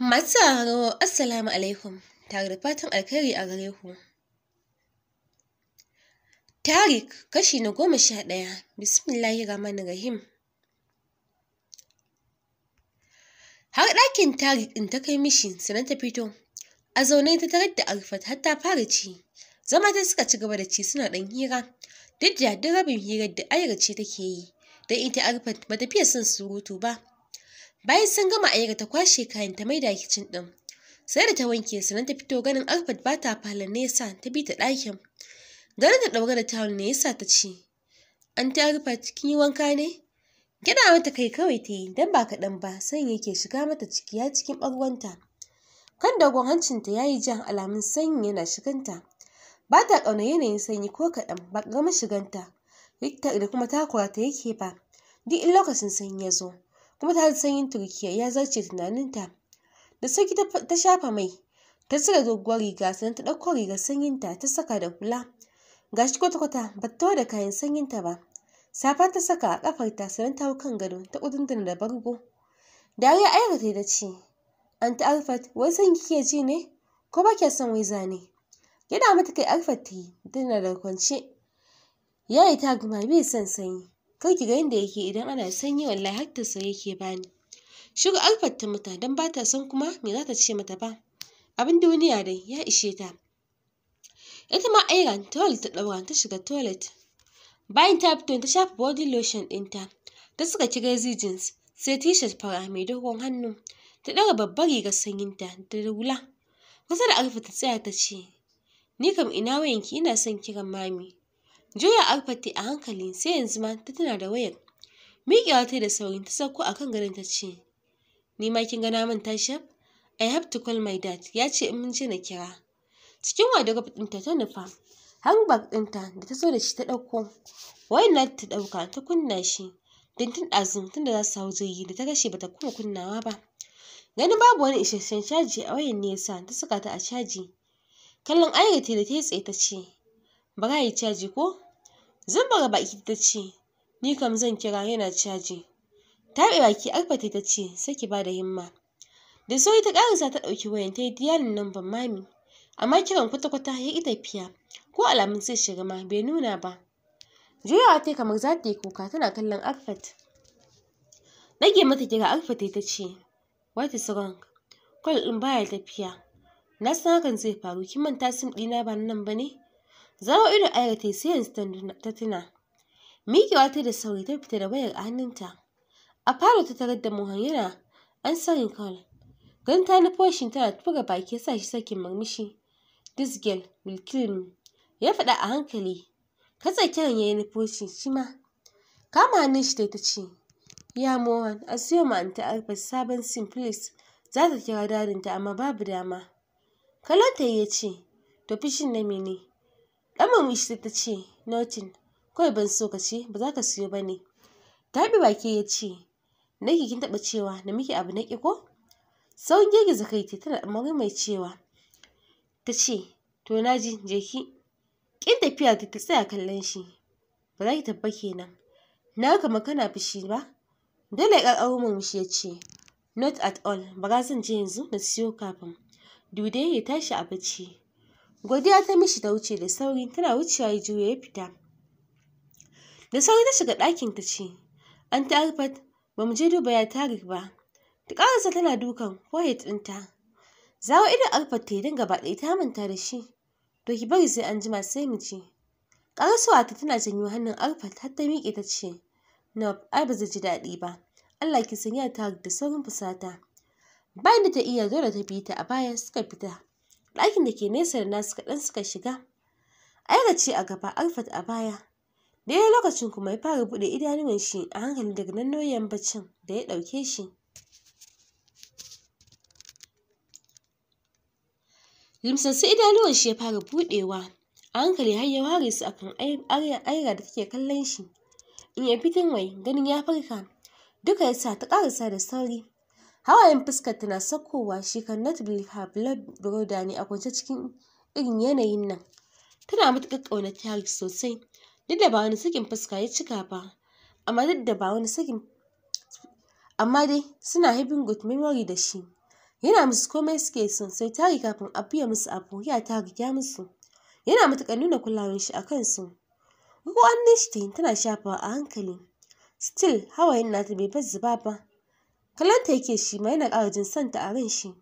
Masu sauraro Assalamu alaikum tare da fatan alkhairi a gare ku. Tarik kashi na goma sha ɗaya bismillahi Rahmanir Rahim. Har ɗakin Tarik ɗin ta kai mishi sanar ta fito. A zaune ta tarar da Arfat har ta fara ci. Zama ta suka ci gaba da ci suna ɗan hira. Duk da duk rabin hirar da ayyar ce take yi. Don ita Arfat ba ta fiye son surutu ba. Bayan sun gama ayyuka ta kwashe kayan ta maida kicin ɗin. Sai da ta wanke nan ta fito ganin Alfred ba ta falon ne ta bi ta ɗakin. Ganin ta ɗaure da tawul ne yasa ta ce, An ta rufa cikin yi wanka ne? Gyaɗa mata kai kawai ta yi don ba kaɗan ba sanyi yake shiga mata ciki ya cikin barwanta Kan dogon hancinta ya yi ja alamun sanyi yana shiganta. Ba ta ƙauna yanayin sanyi ko kaɗan ba gama shiganta. da kuma takura ta yake ba duk in lokacin sanyi ya zo. kuma ta sanyin turkiya ya zarce tunaninta da sauki ta shafa mai ta cire doguwar riga sannan ta ɗauko rigar sanyinta ta saka da hula gashi kwata-kwata ba ta da kayan sanyinta ba safa ta saka a kafarta sannan ta hau kan gado ta kudunduna da bargo dariya aikata da ce anti alfat wai san kike ji ne ko ba ke son wai zane yana mata kai alfat ta yi tana da kwance yayi ta guma bai son sanyi kar ki ga yadda yake idan ana sanyi wallahi har ta sai yake bani shiru alfat ta muta dan ba ta san kuma me za ta ce mata ba abin duniya dai ya ishe ta ita ma airan toilet ta ɗaura ta shiga toilet bayan ta fito ta shafa body lotion ɗinta ta saka ci gazi jeans sai Tishet shirt fara mai dogon hannu ta ɗaga babbar rigar sanyinta da hula kusa da alfa ta tsaya ta ce ni kam ina wayanki ina son kiran mami Juya Alfat ta a hankali sai yanzu ma ta tuna da wayar. Miƙewa ta da sauri ta sauko a kan garin ta ce, Ni ma kin gana min, tashi? I have to call my dad, ya ce in mun je na kira. Cikin wadaga ɗinta ta nufa, handbag ɗinta da ta zo da shi ta ɗauko. Wayan na ta ɗauka ta kunna shi, don tun ɗazun tun da za su hau jirgi da ta kashe ba ta kuma kunnawa ba. Ganin babu wani isasshen caji a wayan ne ya ta saka ta a caji. Kallon ayyata da ta yi tsaye ta ce, ba za yi caji ko zumbura baki ta ce ni kam zan kira yana caji taɓe baki alfata ta ce sai ki bada himma da sauri ta ƙarasa ta ɗauki wayan ta yi diyalin lambar mami amma kiran kwata-kwata ya ƙi tafiya ko alamun sai shiga ma bai nuna ba juyawa ta kamar za ta yi kuka tana kallon alfat rage mata kira alfata ta ce what is wrong kwal ɗin baya tafiya na san hakan zai faru kin manta sim ɗina ba na nan ba ne zaro ido a ta sai yanzu ta tuna miƙewa ta da sauri ta fita da wayar a hannunta a falo ta tarar da mohan yana an sarin kawai don ta nufo shi tana tura baki sa shi sakin murmushi this girl will ya faɗa a hankali katsa kiran ya yi nufo shi shi ma kama hannun shi da ta ce ya mohan a siyo ma anta alfa sabon sim please za ta kira darinta amma babu dama kalonta ya ce to na mene Yar murmushi ta ce, notin kawai ban so ka ce ba za ka siyo ba ne. Taɓi baki ya ce, Naki kin taɓa cewa na miki abu na ƙi ko? Sauran girgiza kai tana ɗan mai cewa. Ta ce, To na ji, je ki. Ƙin tafiya ta tsaya kallon shi. Ba za ki tabba kenan. Na kama kana fushi ba? Dole ya ƙarƙaro murmushi ya ce, Not at all, ba za zan je yanzu na siyo kafin. Dude ya tashi a bacci. godiya ta mishi ta wuce da sauri tana wucewa ya juya ya fita da sauri ta shiga ɗakin ta ce an ta arfat ba mu je duba ya tarik ba ta ƙarasa tana dukan forehead ɗinta zawo idan arfat ta yi don gaba ɗaya ta manta da shi to ki bari sai an jima sai mu je ƙarasuwa ta tana janyo hannun arfat har ta miƙe ta ce na ai ba zai ji daɗi ba Allah ki sanya ta da saurin fusata bayan da ta iya zo da ta bi ta a baya suka fita ɗakin da ke nesa da nasu kaɗan suka shiga aira ce a gaba alfat a baya daidai lokacin kuma ya fara buɗe idanuwan shi a hankali daga nan nauyin baccin da ya ɗauke shi limsassu idanuwan shi ya fara buɗewa a hankali har ya ware su kan aira da take kallon shi in ya fitin wai ganin ya farka duka ya sa ta ƙarasa da sauri hawayen fuskarta na sakowa shi kan believe her blood brother ne a kwance cikin irin yanayin nan tana matuƙar ƙaunar Tariq sosai duk da ba wani sakin fuska ya cika ba amma duk da ba wani sakin amma dai suna having good memory da shi yana musu komai suke son sai tari kafin a biya musu abu ya ta ya musu yana matuƙar nuna kulawar shi a kansu ruwan nishtin tana shafawa a hankali still hawayen nata bai bar zuba ba Kalanta yake shi ma yana ƙara jin santa a ran shi.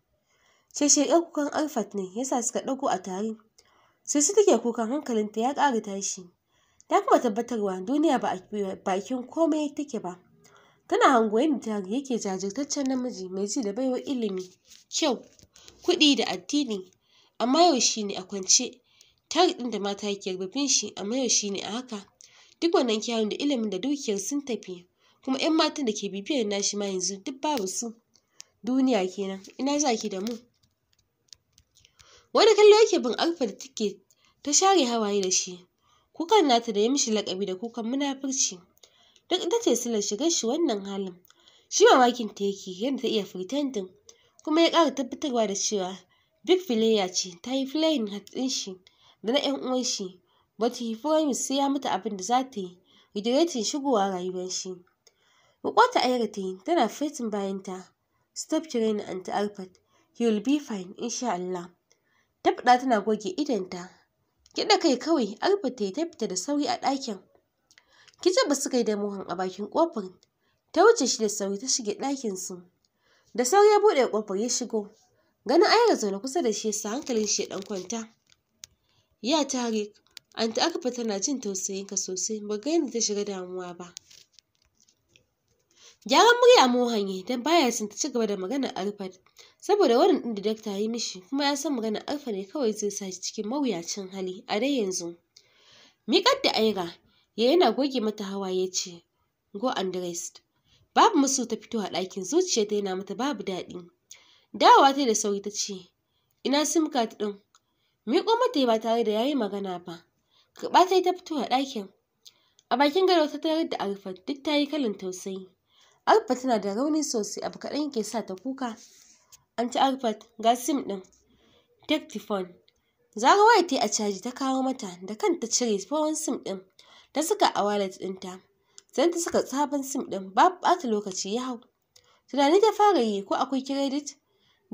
Shesheƙen kukan Arfat ne yasa suka ɗauko a tare. Sai su take kukan hankalinta ya ƙara tashi. Ta kuma tabbatarwa duniya ba bakin komai take ba. Tana hango yadda yake jajirtaccen namiji mai ji da baiwar ilimi, kyau, kuɗi da addini. Amma yau shi ne a kwance. Tarik ɗin da mata yake rububin shi amma yau shi ne a haka. Duk wannan kyawun da ilimin da dukiyar sun tafi. kuma 'yan matan da ke bibiyar nashi ma yanzu duk babu su duniya kenan ina za ki da mu wani kallo yake bin alfa da take ta share hawaye da shi kukan nata da ya mishi lakabi da kukan munafurci duk ita ce silar shigar shi wannan halin shi mamakin ta yake yadda ta iya furtendin kuma ya ƙara tabbatarwa da cewa big filaya ce ta yi filayin hatsin shi da na 'yan uwan shi bata yi furamis sai ya mata abin da za ta yi shigowa rayuwar shi Roƙo ta Aira tana fetin bayanta. Stop training Aunty you will be fine insha Allah. Ta faɗa tana goge idonta. Gyaɗa kai kawai Arfat ta yi ta fita da sauri a ɗakin. ba suka yi da muhan a bakin ƙofar. Ta wuce shi da sauri ta shige ɗakinsu. Da sauri ya buɗe ƙofar ya shigo. Ganin Aira zaune kusa da shi ya sa hankalin shi ya ɗan kwanta. Ya Tarik, Aunty Arfat tana jin tausayinka sosai, ba ga yadda ta shiga damuwa ba. Gyaran murya Mohan ya don baya son ta ci gaba da maganar alfad saboda wurin ɗin da dakta ya yi mishi kuma ya san maganar alfad ne kawai zai sa shi cikin mawuyacin hali a dai yanzu. Miƙar da Aira ya yana goge mata hawa ya ce go and Babu musu ta fito a ɗakin zuciya ta yana mata babu daɗi. dawa ta da sauri ta ce ina sim card ɗin. Miƙo mata ba tare da yayi magana ba. Karɓa ta ta fito a ɗakin. A bakin gado ta tarar da alfad duk ta yi kalan tausayi. Arfa tana da rauni sosai abu kaɗan yake sa ta kuka. An ci arfa ga sim ɗin. Take the phone. Zara waya ta yi a caji ta kawo mata da kanta cire tsohon sim ɗin ta saka a walet ɗinta. Sai ta saka sabon sim ɗin babu ɓata lokaci ya hau. Tunani ta fara yi ko akwai kiredit?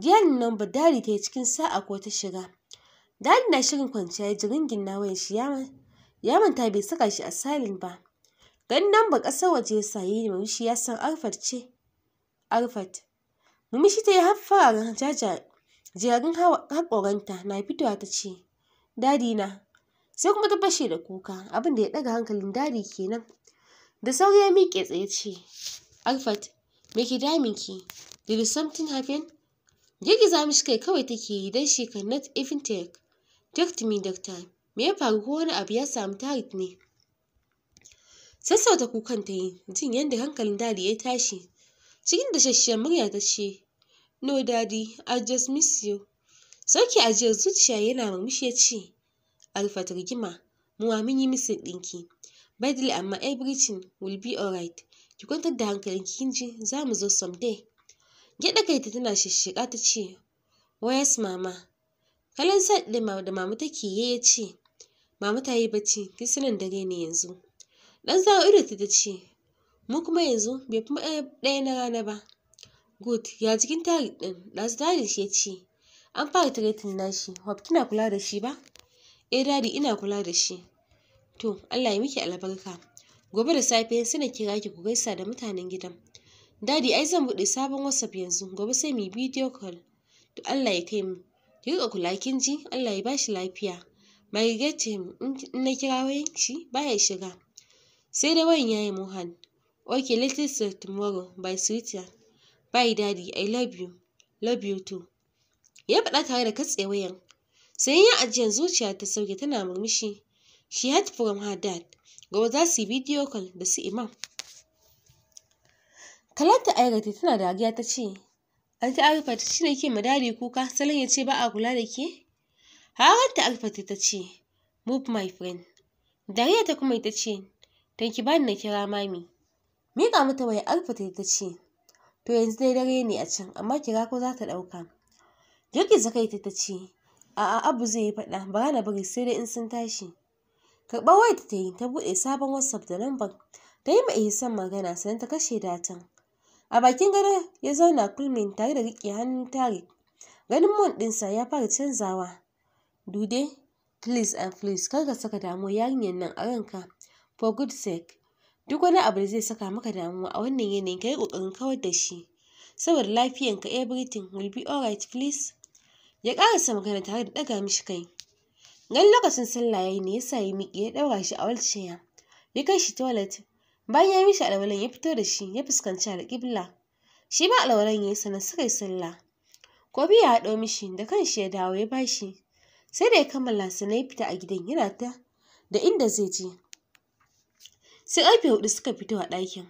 Dialin number dari ta yi cikin sa'a ko ta shiga. Dadi na shirin kwanciya ya ji ringin na wayan shi ya manta bai saka shi a silent ba. Gannan ba ƙasar waje saye ne murmushi ya san Arfat ce. Arfat. Murmushi ta yi jaja jajarin haƙoranta na fitowa ta ce, Dadi na. Sai kuma ta fashe da kuka abin da ya ɗaga hankalin dadi kenan. Da sauri ya miƙe tsaye ce, Arfat, me ke daminki? Did something happen? Girgiza mishi kai kawai take yi don shekarnat cannot even take. Talk to me, ya faru ko wani abu ya samu Tarik ne? sassauta kukan ta yi jin yadda hankalin dadi ya tashi cikin dashashshiyar murya ta ce no daddy i just miss you sauki ajiyar zuciya yana murmushi ya ce alfat rigima muwa mun yi misin ɗinki badly amma everything will be alright ki kwantar da hankalin kin ji za mu zo someday gyaɗa kai ta tana shishshiƙa ta ce wayas mama kalan sa da mama take yi ya ce mama ta yi bacci tun sanin dare ne yanzu Ɗan zawo ido ta ta ce, mu kuma yanzu bai fi ɗaya na rana ba. Good, ya jikin tari ɗin? Ɗazu shi ya ce, an fara tiretin nashi, Hope kina kula da shi ba? Eh dadi ina kula da shi. To, Allah ya miki albarka. Gobe da safe sai na kira ki ku gaisa da mutanen gidan. Dadi ai zan buɗe sabon WhatsApp yanzu, gobe sai muyi bidiyo, video call. To Allah ya kai mu. Ki riƙa kula kin ji, Allah ya bashi lafiya. Mai ce in na kira wayan shi baya shiga. Sai dai wayan ya yi muhal. Okay, latest till tomorrow by sweetheart. Bye daddy, I love you. Love you too. Ya faɗa tare da katse wayan. Sai ya ajiyar zuciya ta sauke tana murmushi. She had from her dad. Gobe za su yi bidiyo call da su imam. Talata Airati tana dariya ta ce, An ta Arifat shi ne kuka, salon ya ce ba a kula da ke? Hawarta ta tace ta ce, Move my friend. Dariya ta kuma ita ce, to ki bani na kira mami miƙa mata waya alfa ta ce to yanzu dai dare ne a can amma kira ko za ta ɗauka girgiza kai ta ta ce a'a abu zai yi faɗa ba na bari sai dai in sun tashi karɓar wayar ta yi ta buɗe sabon whatsapp da lambar ta yi mai son magana sannan ta kashe datan a bakin gado ya zauna kulmin tare da riƙe hannun tare. ganin mon ɗinsa ya fara canzawa dude please and please kar ka saka damuwar yarinyar nan a ranka for good sake duk wani abu da zai saka maka damuwa a wannan yanayin ka yi ƙoƙarin kawar da shi saboda lafiyanka everything will be alright please ya ƙarasa magana tare da ɗaga mishi kai gan lokacin sallah yayi ne yasa ya miki ya ɗaura shi a walciya ya kai shi toilet bayan ya mishi alwalan ya fito da shi ya fuskanci alƙibla shi ma alwalan ya yi sannan suka yi sallah kofi ya haɗo mishi da kanshi ya dawo ya bashi sai da ya kammala sannan ya fita a gidan yana ta da inda zai je sai alfe hudu suka fito a ɗakin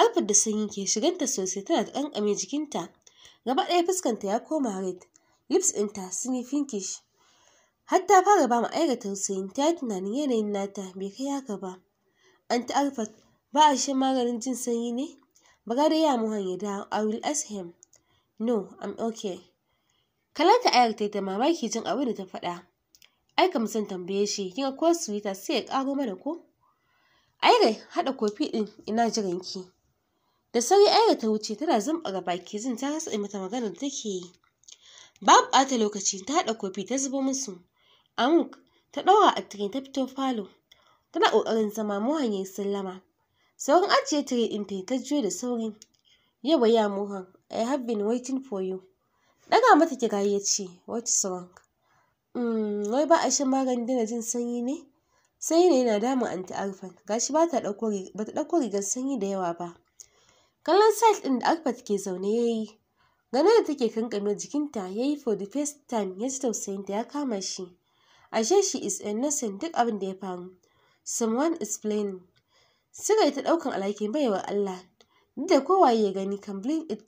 alfar da sanyi ke shiganta sosai tana da ƙanƙame jikinta gaba ɗaya fuskanta ya koma red lips ɗinta sun yi pinkish har ta fara ba ma'aikatar tausayin ta yi tunanin yanayin nata bai kai haka ba an ta alfat ba a shan maganin jin sanyi ne ba da ya mu hanyar da i will ask him no i'm okay kalanta ayar ta da mamaki jin abin da ta faɗa aika kam tambaye shi kinga ko sweeter sai ya karo mana ko Aire haɗa kofi ɗin ina jiran ki. Da sauri Aire ta wuce tana zumbura baki zin ta rasa mata magana da take yi. Ba ɓata lokaci ta haɗa kofi ta zubo musu. Amuk ta ɗaura a tire ta fito falo. Tana ƙoƙarin zama Mohan ya yi sallama. Saurin ajiye tire ɗin ta ta juyo da sauri. Yawa baya muhan. I have been waiting for you. Ɗaga mata kira ya ce, What's wrong? Hmm, wai ba a shan maganin dina jin sanyi ne? Sai ne yana damun anti Arfan, gashi ba ta ɗauko rigar sanyi da yawa ba. Kallon site ɗin da Arfat ke zaune ya yi, gane da take kankame jikinta ya yi for the first time ya ji da ya kama shi. Ashe shi is innocent duk abin da ya faru. Someone is playing. Suka yi ta ɗaukan alhakin baiwa Allah, duk da kowaye ya gani kan blame it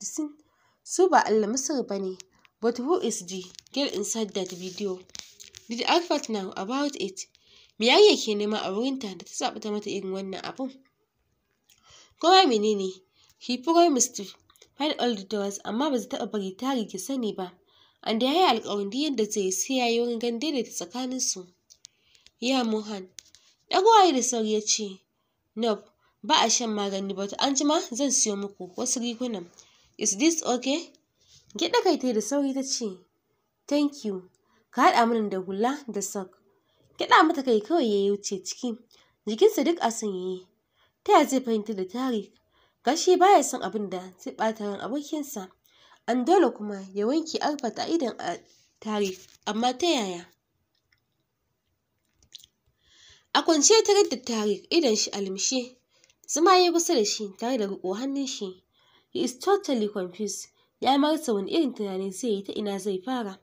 su ba Allah Misir ba ne. But who is the girl inside that video? Did Arfat now about it? ya ke nema a wurin ta da ta zaɓi ta mata irin wannan abun kowa menene he promised to find all the doors amma ba ta taɓa bari ta rike sani ba and ya yi alƙawarin duk yadda zai sai ya yi wurin gan daidaita su ya mohan waye da sauri ya ce nope ba a shan magani ba ta anjima zan siyo muku wasu rigunan is this okay gyaɗa kai ta da sauri ta ce thank you ka haɗa mana da hula da sock kiɗa mata kai kawai ya wuce ciki jikinsa duk a sanyaye ta ya zai fahimta da tarik gashi baya son abin da zai ɓata ran abokinsa an dole kuma ya wanke arfata a idon tarik amma ta yaya a kwance ta da tarik idon shi almishe zama ya kusa da shi tare da riƙo hannun shi he is totally confused ya marasa wani irin tunanin zai yi ta ina zai fara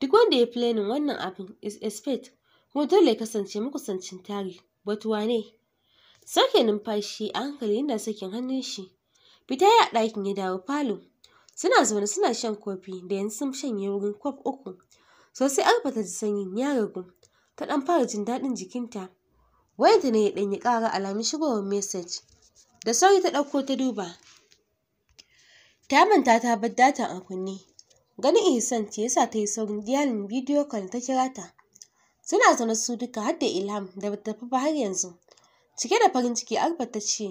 duk wanda ya planning wannan abin is expect kuma dole ya kasance makusancin tari batuwa ne sauke numfashi a hankali yana sakin hannun shi fita ya ɗakin ya dawo falo suna zaune suna shan kofi da yanzu sun shanye wurin kwaf uku sosai alfa ta ji sanyin ya ragu ta ɗan fara jin daɗin jikinta wayanta ne ya ɗanyi ƙara alamun shigowar mesej da sauri ta ɗauko ta duba ta manta ta bar data a kunne ganin ihsan ce yasa ta yi saurin diyalin bidiyo kan ta kira ta Suna zaune su duka har da Ilham da bata tafi ba har yanzu. Cike da farin ciki Arba ta ce,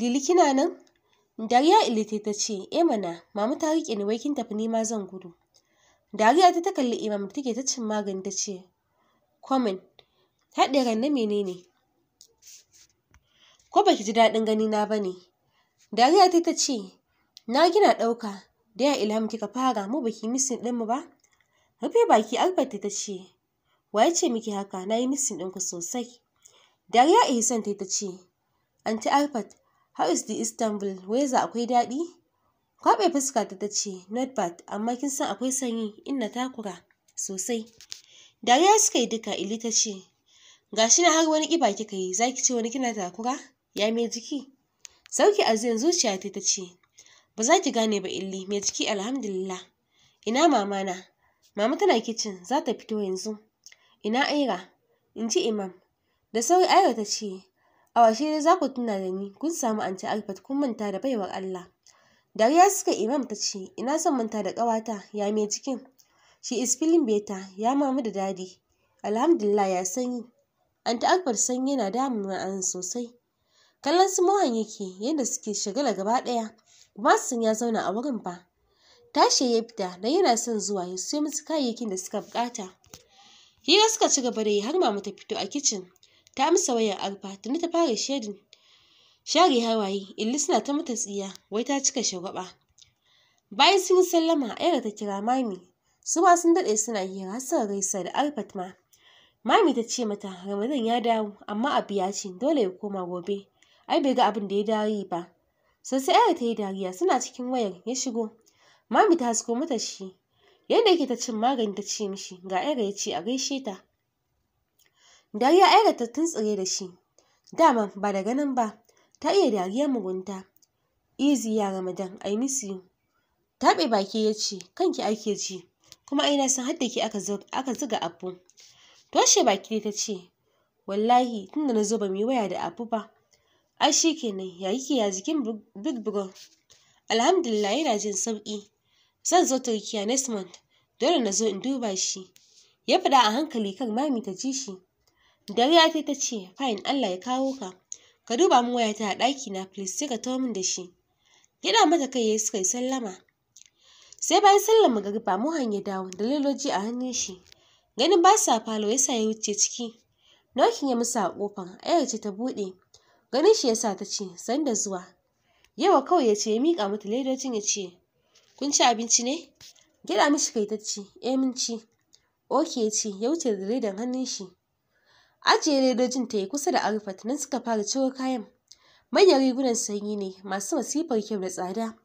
Lili kina nan? Dariya Ilite ta ce, E mana, Mama ta riƙe ni wai kin tafi ni ma zan gudu. Dariya ta ta kalli Imam da take ta cin magani ta ce, Komen, haɗe ran na menene? Ko baki ji daɗin ganina ba ne? Dariya ta ta ce, Na gina ɗauka, da ya Ilham kika fara mu baki misin ɗinmu ba? Rufe baki Albert ta ce, Wa ya ce miki haka? Na yi misin ɗinku sosai. Dariya Ihsan ta ce, Anti Alfat, how is the Istanbul? Weza akwai daɗi? Kwaɓe fuska ta ce, Not bad, amma kin san akwai sanyi inna takura sosai. Dariya suka yi duka Ili ta ce, Gashi na har wani ƙiba kika yi, za ki ce wani kina takura? Ya mai jiki? Sauki a zuyan zuciya ta ce, Ba za ki gane ba Illi, mai jiki alhamdulillah. Ina mamana? Mama tana kicin, za ta fito yanzu. ina Aira? in ji Imam. Da sauri Aira ta ce, a washe dai za ku tuna da ni kun samu anti Alfat kun manta da baiwar Allah. Dariya suka Imam ta ce, ina son manta da ƙawata ya mai cikin She is feeling better ya mamu da dadi. Alhamdulillah ya sanyi. Anti Alfat sanyi yana damuna an sosai. Kallon su Mohan yake yadda suke shagala gaba ɗaya. san ya zauna a wurin ba. Tashi ya fita da yana son zuwa ya siyo musu kayayyakin da suka buƙata. hira suka ci gaba da yi har mama ta fito a kicin ta amsa wayar arfa tuni ta fara shedin share hawaye illi suna ta mata tsiya wai ta cika shagwaba bayan sun yi sallama aira ta kira mami su ma sun daɗe suna hira har suka gaisa da arfat ma mami ta ce mata ramadan ya dawo amma abu ya ce dole ya koma gobe ai bai ga abin da ya dari ba sosai aira ta yi dariya suna cikin wayar ya shigo mami ta hasko mata shi yadda yake ta cin magani ta ce mishi ga aira ya ce a gaishe ta dariya aira ta tuntsire da shi dama ba da ganin ba ta iya dariyar mugunta easy ya ramadan i miss you taɓe baki ya ce kanki ake ji kuma aina sun hadda ki aka zuga abu toshe baki ta ce wallahi tunda na zo ba mu yi waya da abu ba ai shi kenan ya kike ya jikin big bro alhamdulillah yana jin sauƙi. Zan zo Turkiya next month, dole na zo in duba shi. Ya faɗa a hankali kan mami ta ji shi. Dariya ta ta ce, fine Allah ya kawo ka. Ka duba min wayata a ɗakina please sai ka tawo min da shi. Gida mata kai ya suka yi sallama. Sai bayan sallar magariba muhan ya dawo da liloji a hannun shi. Ganin ba sa falo ya sa ya wuce ciki. Nokin ya musa a kofar, ayar ce ta buɗe. Ganin shi ya sa ta ce, sanda zuwa. Yawa kawai ya ce ya miƙa mata ledojin ya ce, kun ci abinci ne gyaɗa mishi kai ta ce eh mun ci oke ya ce ya wuce da ledan hannun shi ajiye ledojin ta yi kusa da alfat nan suka fara ciro kayan manyan rigunan sanyi ne masu masifar kyau da tsada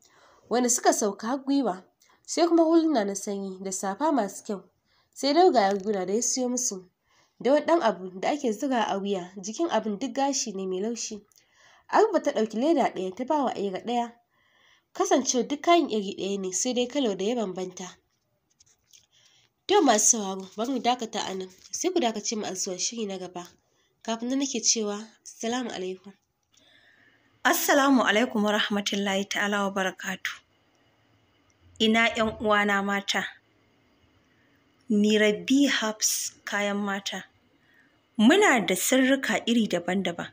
wanda suka sauka har gwiwa sai kuma huluna na sanyi da safa masu kyau sai dogayen riguna da ya siyo musu da wani ɗan abu da ake zura a wuya jikin abin duk gashi ne mai laushi arba ta ɗauki leda ɗaya ta bawa aira ɗaya Kasancewa duk kayan iri ɗaya ne sai dai kalar da ya bambanta to masu sauraro bari mu dakata a nan sai ku dakace mu a zuwa shiri na gaba kafin nan nake cewa assalamu alaikum assalamu alaikum wa rahmatullahi ta'ala wa barakatu ina yan uwana mata ni rabi habs kayan mata muna da sirrika iri daban-daban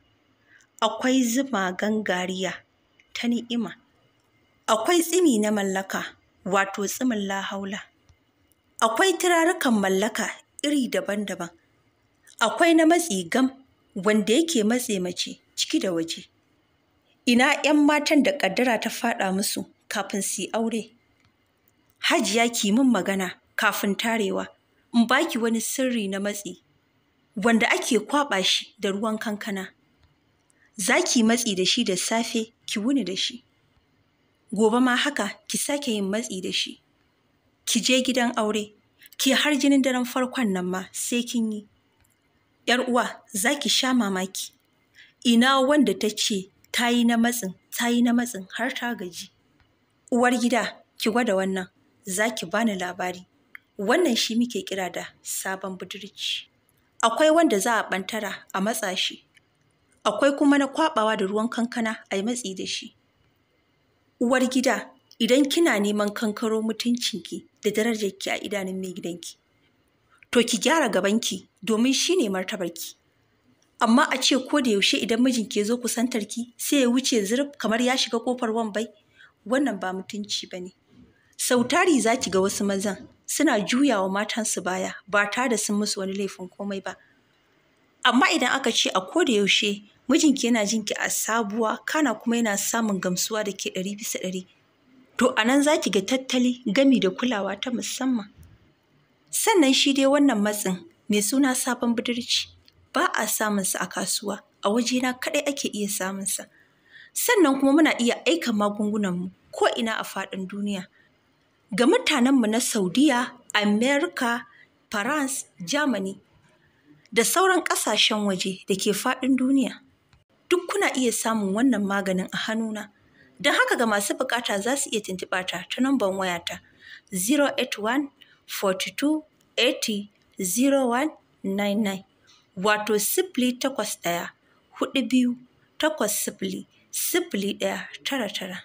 akwai zuma gangariya ta ni'ima akwai tsimi na mallaka wato tsimin lahaula akwai turarukan mallaka iri daban-daban akwai na matsi gam wanda yake matse mace ciki da waje ina 'yan matan da ƙaddara ta faɗa musu kafin su aure hajiya ki min magana kafin tarewa in baki wani sirri na matsi wanda ake kwaɓa shi da ruwan kankana za ki matsi da shi da safe ki wuni da shi gobe ma haka ki sake yin matsi da shi ki je gidan aure ki har jinin daren farkon nan ma sai kin yi yar uwa za ki sha mamaki ina wanda ta ce ta yi na matsin ta yi na matsin har ta gaji uwar gida ki gwada wannan za ki bani labari wannan shi muke kira da sabon budurci akwai wanda za a ɓantara a matsa shi akwai kuma na kwabawa da ruwan kankana a yi matsi da shi Uwar gida, idan kina neman kankaro mutuncinki da darajarki a idanun mai gidanki, to ki gyara gabanki domin shi ne martabarki. Amma a ce ko da yaushe idan mijinki ya zo kusantarki sai ya wuce zurf kamar ya shiga kofar wambai, wannan ba mutunci ba ne. Sautari tari za ki ga wasu mazan suna juyawa matansu baya ba tare da sun musu wani laifin komai ba. Amma idan aka ce a ko da yaushe mijinki yana jin ki a sabuwa kana kuma yana samun gamsuwa da ke ɗari bisa ɗari to a nan za ki ga tattali gami da kulawa ta musamman sannan shi dai wannan matsin mai suna sabon budurci ba a samunsa a kasuwa a wajena kaɗai ake iya samunsa sannan kuma muna iya aika magungunanmu ko ina a faɗin duniya ga mutanenmu na saudiya america france germany da sauran ƙasashen waje da ke faɗin duniya duk kuna iya samun wannan maganin a hannuna. Don haka ga masu bukata za su iya tuntuɓa ta ta namban wayata 081 42 80 0199 wato sifili takwas ɗaya hudu biyu takwas sifili sifili ɗaya tara tara.